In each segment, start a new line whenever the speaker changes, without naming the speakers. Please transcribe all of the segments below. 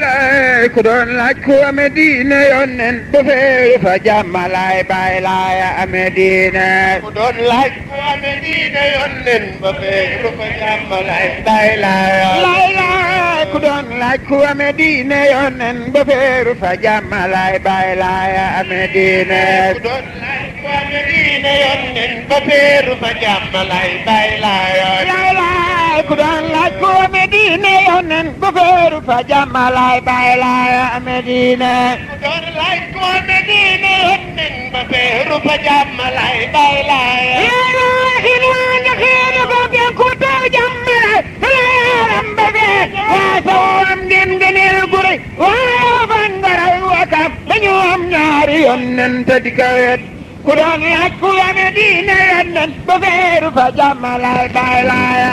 lay ku doon laaj ku amee diine yónneen bu fa jàmm laay bàyyi laay amee ku doon laaj ku amee diine yónneen bu fa jàmm laay bàyyi laay laay baay ku doon laaj ku Medina yonen bu feeru fa jàmmalaay baay laay wa Medina. Medina yonen bu feeru fa jàmmalaay baay laay. yéen waa xin waa njëkkee na ko ngeen ku taw jàmmalaay laay yaram ba fee. waa soo am ngeen ngëneel gu rëy. waa fan nga wa kaaf dañu am ñaari yonen te di ko Kudani akula medina yannan baveru fajamal al bailaya.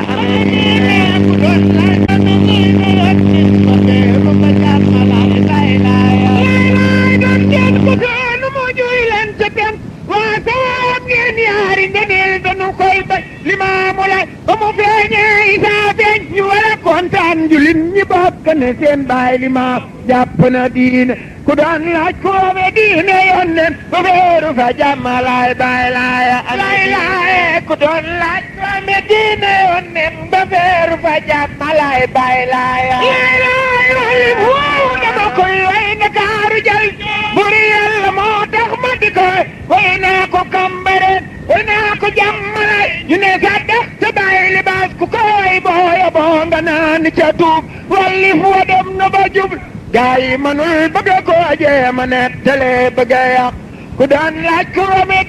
Limamulai, kamu punya isa penjualan kontaan jullit ñi baab ka ne seen baay li ma jàpp na diine ku doon laaj foofe diine yoon nen bu beeru fa jàmm laay baay laay laay laay ku doon laaj foofe diine yoon nen bu beeru fa jàmm laay baay laay laay wali woowu dama koy way na kaaru jal bur yàlla moo tax ma di koy way naa ko kambare way naa ko jàmm laay ñu ne sa dex sa baay li laaj ku koy boo ca tuub walli wa dem ba jub gaa yi mënul bëgg ko jéem ku daan laaj ku rame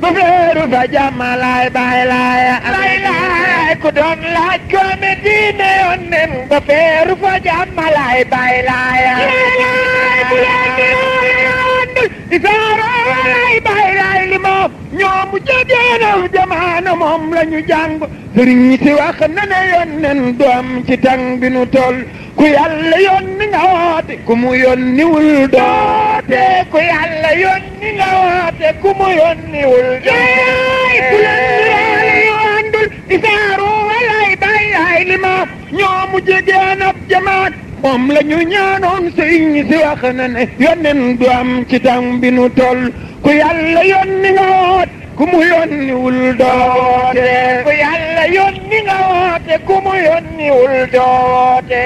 ba féeru fa jàmm laay baay laay lay moom la ñu jàng sëriñ si wax na ne yónneen du am ci tàng bi nu toll ku yàlla yónni nga woote ku mu yónniwul doote ku yàlla yónni nga woote ku mu yónniwul doote ku yàlla yóndul isaaru walay bay ay lima ñoo mu jegeen ab jamaat moom la ñu ñaanoon sëriñ si wax na ne yónneen du am ci tàng bi nu toll ku yàlla yónni nga woote ku mu yónniwul doote ku yàlla yónni nga woote ku mu yónniwul doote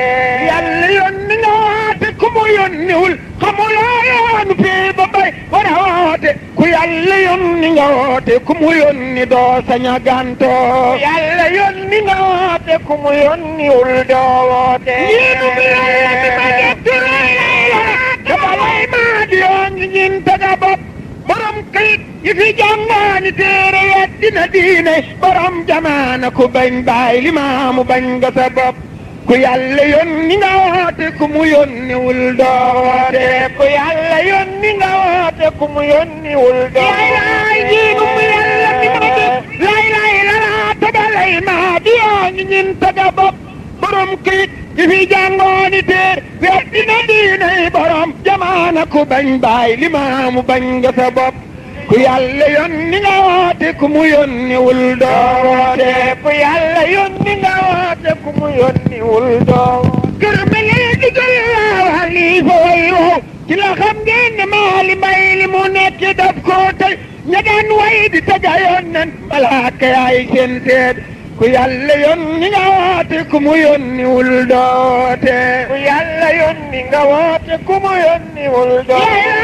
yàlla yónni nga woote ku mu yónniwul xamuloo yoonu fii ba bay war a woote ku yàlla yónni nga woote ku mu yónni doo sañ a gàntoo yàlla yónni nga woote ku mu yónniwul doo woote ñeenum yàlla bi ma gettu lay lay dafa lay maa di yoon ñin taga bopp yi fi jàmmaani téere yeddina diine borom jamaana ku bañ baay limaamu bañ nga sa bopp ku yàlla yónni nga woote ku mu yónniwul doo woote ku yàlla yónni nga woote ku mu yónniwul doo woote laay diinu mu yàlla mi ma di lay lay lanaa tabalay maa di yaa ngi ñin taga bopp borom kiit yi fi jàngooni téer weddina diinay borom jamaana ku bañ baay limaamu bañ nga sa bopp ku yàlla yónni nga woote ku mu yónni wul doo woote ku yàlla yónni nga woote ku mu yónni wul doo gërëm leen digal laaw xalifa way wow ci la xam ngeen ne maali mbay li mu nekk dab ko tey ña daan way di tajayoon nan malaaka yaay seen seet ku yàlla yónni nga woote ku mu yónni wul doote ku yàlla yónni nga woote ku mu yónni wul doote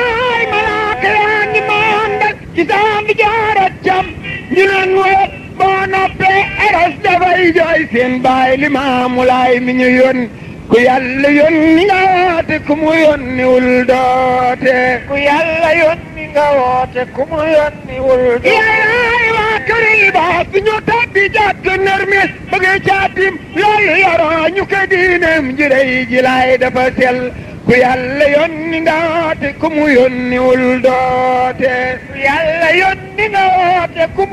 kitaab bi jaar ak cam ñu naan wéet boo noppee aras dafay jooy seen baay li maamu laay mi ñu yónni ku yàlla nga woote ku mu yónni wul doote. ku yàlla yónni nga woote ku mu yónni wul doote. yaay waa kër yi baax bi ñu tabbi jàkk nër mi bëgg caatim loolu yoroo ñu ko diineem ku yàlla yónni. yónni nga woote ku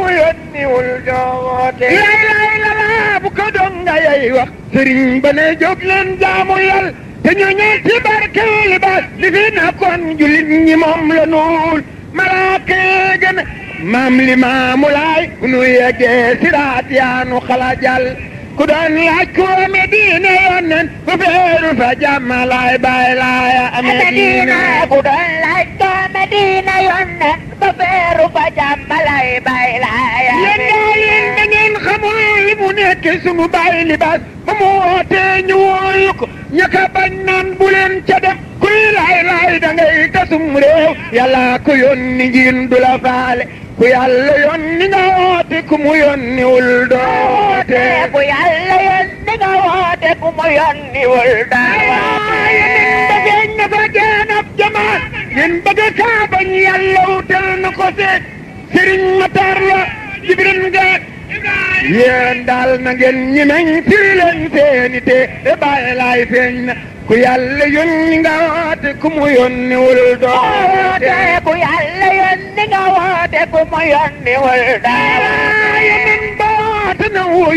yey wax sëriñ ba ne jóg leen jaamu yàlla te ñu ci barkeelu ba li fi nekkoon jullit ñi moom la nuul malaaka gën li maamu laay bu yeggee siraat yaanu xala ku doon laaj ku ame diine yoon nen feeru fa jàmm baay laay ame diine ku feeru fa jàmm baay laay yéen daal yéen da ngeen xamul li mu baay libaas ba mu wootee ñu wóoyu ko ñaka bañ naan bu leen ca sum réew yàlla ko yónni njiin du la faale ku yàlla yónni nga woote ku mu yónniwul doote ku yàlla yónni nga woote ku mu yónniwul doote Sëriñ Matar la Jibril Ngeek yéen daal na ngeen ñemeñ firi seeni te bàyyi laay feeñ ku yàlla yónni nga woote ku mu yónni wul doo ku yàlla yónni nga woote ku mu yónni wul doo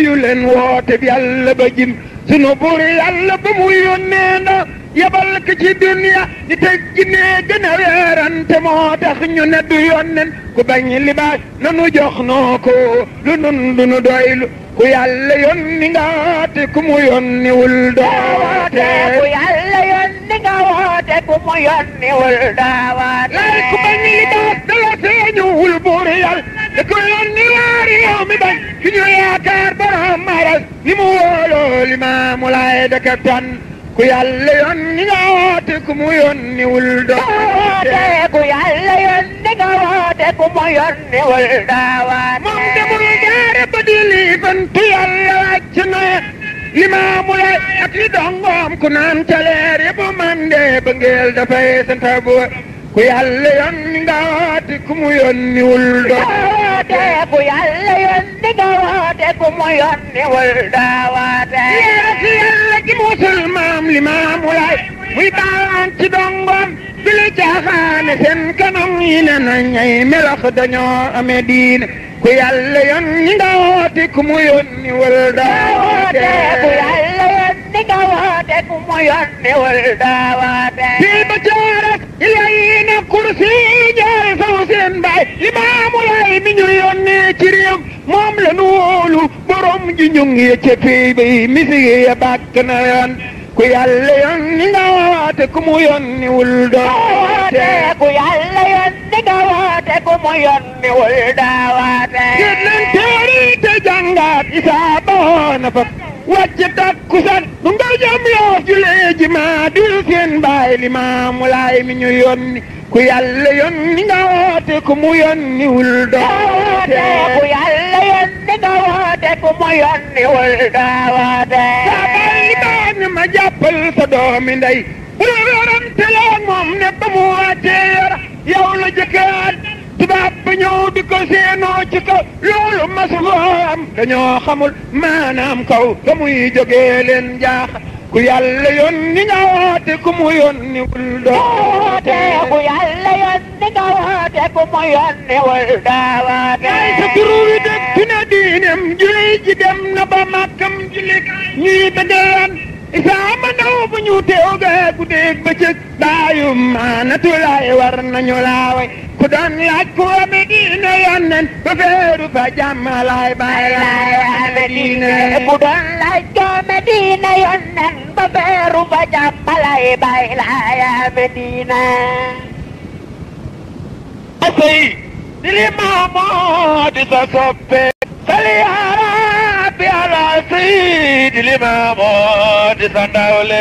yónni ba jim sunu buur yàlla ba mu yónnee na yabal ko ci duniya di tëj gi gën a weerante moo tax ñu ne du yónneen ku bañ libaas nanu jox noo ko lu nun du nu doylu ku yàlla yónni nga woote ku mu wul doowaate ku yàlla yónni nga woote ku mu wul doowaate lay ku bañ li baax dala wul buur yàlla da ko yónni waar yow mi bañ yaakaar borom maral mu wóoloo li maamu laay tan ku yàlla yónni nga woote ku mu yónni wul doowaate te dawate ku mu yor ni yàlla wàcc na limaamu ku mu yónni wul dawate ku yàlla yónni mu yónni wul dawate yeesu muy baawaan ci dongoom ci lu caaxaane seen kanam yi ne na ñay dañoo amee diine ku yàlla yoon ni nga woote ku mu ni wal daawaate fii ba coorat ilayi na kursi jaare saw seen baay imaamu lay mi ñu yónnee ci réew moom la nu wóolu borom ji ñu ngi ca fii misigi ya bàkk na yoon ku yàlla yónni nga woote ku mu yónni wul doote ku yàlla yónni nga woote ku mu yónni wul doote gën leen teeri te jàngaat isaa ba woona fa wàcc takkusaan du nga jëm yoo julee ji maa dul seen baay li maamu laay mi ñu yónni ku yàlla yónni nga woote ku mu yónni wul doote ku yàlla yónni nga woote ku mu yónni wul doote ma jàppal sa doomi ndey bu yaram teloon moom ne ba mu waatee yar yow la jëkkaat tubaab ba ñëw di ko seenoo ci kaw loolu masuloo am dañoo xamul maanaam kaw ka muy jógee leen jaax ku yàlla yónni nga woote ku mu yónni wul doote ku yàlla yónni nga woote ku mu yónni wul daawaate sa turu wi dëkk na diinem julli ji dem na ba màkkam julli ñuy bëggaan isaama ndaw bu ñu teewgee guddeeg bëccëg baayu maanatulaay war nañu laawe ku doon laaj ku wabe diine yonnen ba feeru ku doon laaj ku wabe diine yonnen ba feeru fa jàmmalaay baay laay wabe diine asay di li maamoo di sa soppe saliyaa على سيد الإمام دي